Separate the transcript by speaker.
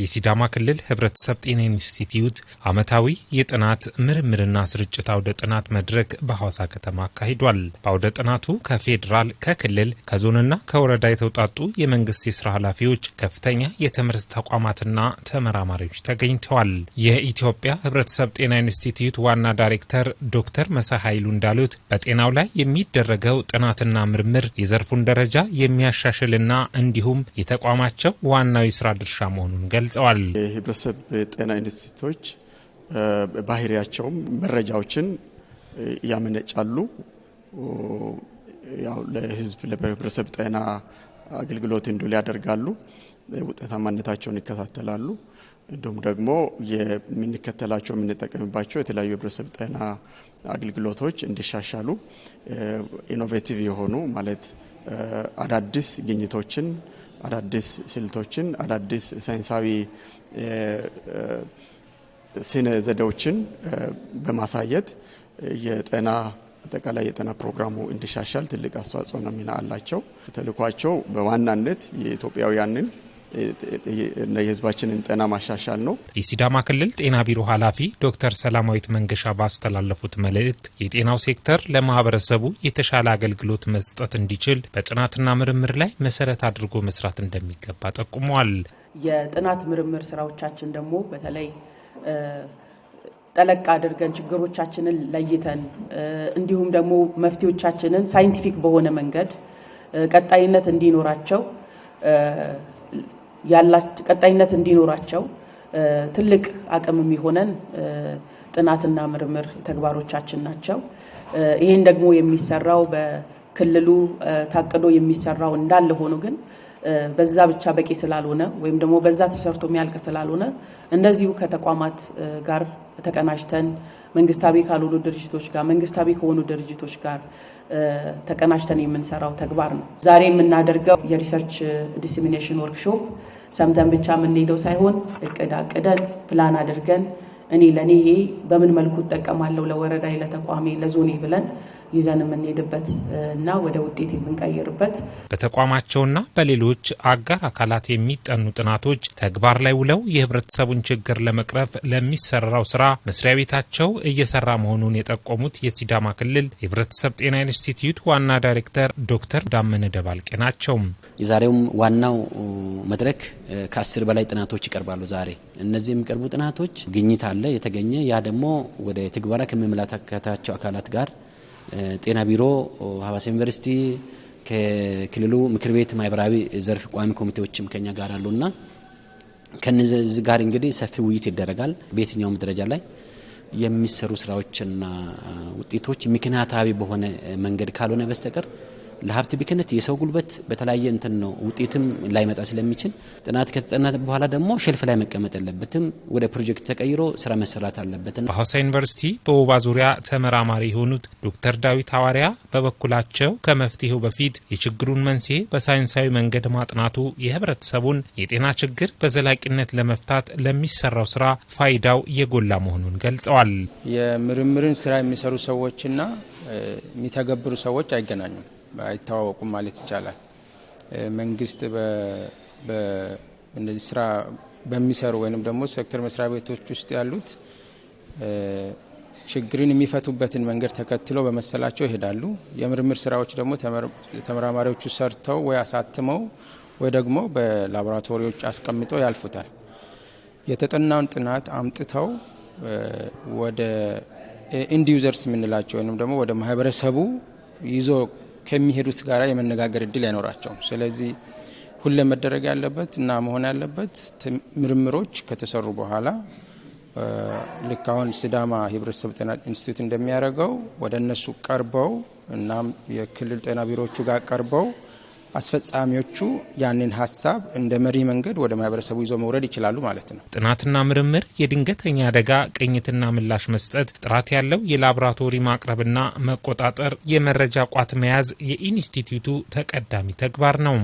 Speaker 1: የሲዳማ ክልል ህብረተሰብ ጤና ኢንስቲትዩት ዓመታዊ የጥናት ምርምርና ስርጭት አውደ ጥናት መድረክ በሐዋሳ ከተማ አካሂዷል። በአውደ ጥናቱ ከፌዴራል፣ ከክልል፣ ከዞንና ከወረዳ የተውጣጡ የመንግስት የስራ ኃላፊዎች፣ ከፍተኛ የትምህርት ተቋማትና ተመራማሪዎች ተገኝተዋል። የኢትዮጵያ ህብረተሰብ ጤና ኢንስቲትዩት ዋና ዳይሬክተር ዶክተር መሳ ኃይሉ እንዳሉት በጤናው ላይ የሚደረገው ጥናትና ምርምር የዘርፉን ደረጃ የሚያሻሽልና እንዲሁም የተቋማቸው ዋናው የስራ ድርሻ መሆኑን ገ ገልጸዋል።
Speaker 2: የህብረተሰብ ጤና ኢንስቲትዩቶች ባህሪያቸውም መረጃዎችን ያመነጫሉ። ያው ለህዝብ ለህብረተሰብ ጤና አገልግሎት እንዲውል ያደርጋሉ። ውጤታማነታቸውን ይከታተላሉ። እንዲሁም ደግሞ የምንከተላቸው የምንጠቀምባቸው የተለያዩ የህብረተሰብ ጤና አገልግሎቶች እንዲሻሻሉ ኢኖቬቲቭ የሆኑ ማለት አዳዲስ ግኝቶችን አዳዲስ ስልቶችን አዳዲስ ሳይንሳዊ ስነ ዘዴዎችን በማሳየት የጤና አጠቃላይ የጤና ፕሮግራሙ እንዲሻሻል ትልቅ አስተዋጽኦና ሚና አላቸው። ተልኳቸው በዋናነት የኢትዮጵያውያንን የህዝባችንን ጤና ማሻሻል ነው።
Speaker 1: የሲዳማ ክልል ጤና ቢሮ ኃላፊ ዶክተር ሰላማዊት መንገሻ ባስተላለፉት መልእክት የጤናው ሴክተር ለማህበረሰቡ የተሻለ አገልግሎት መስጠት እንዲችል በጥናትና ምርምር ላይ መሰረት አድርጎ መስራት እንደሚገባ ጠቁመዋል።
Speaker 3: የጥናት ምርምር ስራዎቻችን ደግሞ በተለይ ጠለቅ አድርገን ችግሮቻችንን ለይተን እንዲሁም ደግሞ መፍትሄዎቻችንን ሳይንቲፊክ በሆነ መንገድ ቀጣይነት እንዲኖራቸው ቀጣይነት እንዲኖራቸው ትልቅ አቅም የሚሆነን ጥናትና ምርምር ተግባሮቻችን ናቸው። ይህን ደግሞ የሚሰራው በክልሉ ታቅዶ የሚሰራው እንዳለ ሆኖ ግን በዛ ብቻ በቂ ስላልሆነ ወይም ደግሞ በዛ ተሰርቶ የሚያልቅ ስላልሆነ እንደዚሁ ከተቋማት ጋር ተቀናጅተን መንግስታዊ ካልሆኑ ድርጅቶች ጋር መንግስታዊ ከሆኑ ድርጅቶች ጋር ተቀናጅተን የምንሰራው ተግባር ነው። ዛሬ የምናደርገው የሪሰርች ዲስሚኔሽን ወርክሾፕ ሰምተን ብቻ የምንሄደው ሳይሆን እቅድ አቅደን ፕላን አድርገን እኔ ለእኔ ይሄ በምን መልኩ እጠቀማለሁ ለወረዳ ለተቋሜ፣ ለዞኔ ብለን ይዘን የምንሄድበት እና ወደ ውጤት የምንቀይርበት
Speaker 1: በተቋማቸውና በሌሎች አጋር አካላት የሚጠኑ ጥናቶች ተግባር ላይ ውለው የህብረተሰቡን ችግር ለመቅረፍ ለሚሰራው ስራ መስሪያ ቤታቸው እየሰራ መሆኑን የጠቆሙት የሲዳማ ክልል የህብረተሰብ ጤና ኢንስቲትዩት ዋና ዳይሬክተር ዶክተር ዳመነ ደባልቄ ናቸው።
Speaker 4: የዛሬውም ዋናው መድረክ ከአስር በላይ ጥናቶች ይቀርባሉ። ዛሬ እነዚህ የሚቀርቡ ጥናቶች ግኝት አለ የተገኘ ያ ደግሞ ወደ ትግበራ ከሚመለከታቸው አካላት ጋር ጤና ቢሮ፣ ሀዋሳ ዩኒቨርሲቲ፣ ከክልሉ ምክር ቤት ማህበራዊ ዘርፍ ቋሚ ኮሚቴዎችም ከኛ ጋር አሉና ከነዚህ ጋር እንግዲህ ሰፊ ውይይት ይደረጋል። በየትኛውም ደረጃ ላይ የሚሰሩ ስራዎችና ውጤቶች ምክንያታዊ በሆነ መንገድ ካልሆነ በስተቀር ለሀብት ቢክነት የሰው ጉልበት በተለያየ እንትን ነው ውጤትም ላይመጣ ስለሚችል ጥናት ከተጠና በኋላ ደግሞ ሸልፍ ላይ መቀመጥ የለበትም። ወደ ፕሮጀክት ተቀይሮ ስራ መሰራት አለበት።
Speaker 1: በሀዋሳ ዩኒቨርሲቲ በወባ ዙሪያ ተመራማሪ የሆኑት ዶክተር ዳዊት ሐዋርያ በበኩላቸው ከመፍትሄው በፊት የችግሩን መንስኤ በሳይንሳዊ መንገድ ማጥናቱ የህብረተሰቡን የጤና ችግር በዘላቂነት ለመፍታት ለሚሰራው ስራ ፋይዳው የጎላ መሆኑን ገልጸዋል።
Speaker 5: የምርምርን ስራ የሚሰሩ ሰዎችና የሚተገብሩ ሰዎች አይገናኙም። አይተዋወቁም ማለት ይቻላል። መንግስት በእነዚህ ስራ በሚሰሩ ወይም ደግሞ ሴክተር መስሪያ ቤቶች ውስጥ ያሉት ችግርን የሚፈቱበትን መንገድ ተከትለው በመሰላቸው ይሄዳሉ። የምርምር ስራዎች ደግሞ ተመራማሪዎቹ ሰርተው ወይ አሳትመው ወይ ደግሞ በላቦራቶሪዎች አስቀምጠው ያልፉታል። የተጠናውን ጥናት አምጥተው ወደ ኢንዲዩዘርስ የምንላቸው ወይም ደግሞ ወደ ማህበረሰቡ ይዞ ከሚሄዱት ጋር የመነጋገር እድል አይኖራቸውም። ስለዚህ ሁለ መደረግ ያለበት እና መሆን ያለበት ምርምሮች ከተሰሩ በኋላ ልክ አሁን ስዳማ ህብረተሰብ ጤና ኢንስቲትዩት እንደሚያደርገው ወደ እነሱ ቀርበው እናም የክልል ጤና ቢሮዎቹ ጋር ቀርበው አስፈጻሚዎቹ ያንን ሀሳብ እንደ መሪ መንገድ ወደ ማህበረሰቡ ይዞ መውረድ ይችላሉ ማለት ነው።
Speaker 1: ጥናትና ምርምር፣ የድንገተኛ አደጋ ቅኝትና ምላሽ መስጠት፣ ጥራት ያለው የላቦራቶሪ ማቅረብና መቆጣጠር፣ የመረጃ ቋት መያዝ የኢንስቲትዩቱ ተቀዳሚ ተግባር ነው።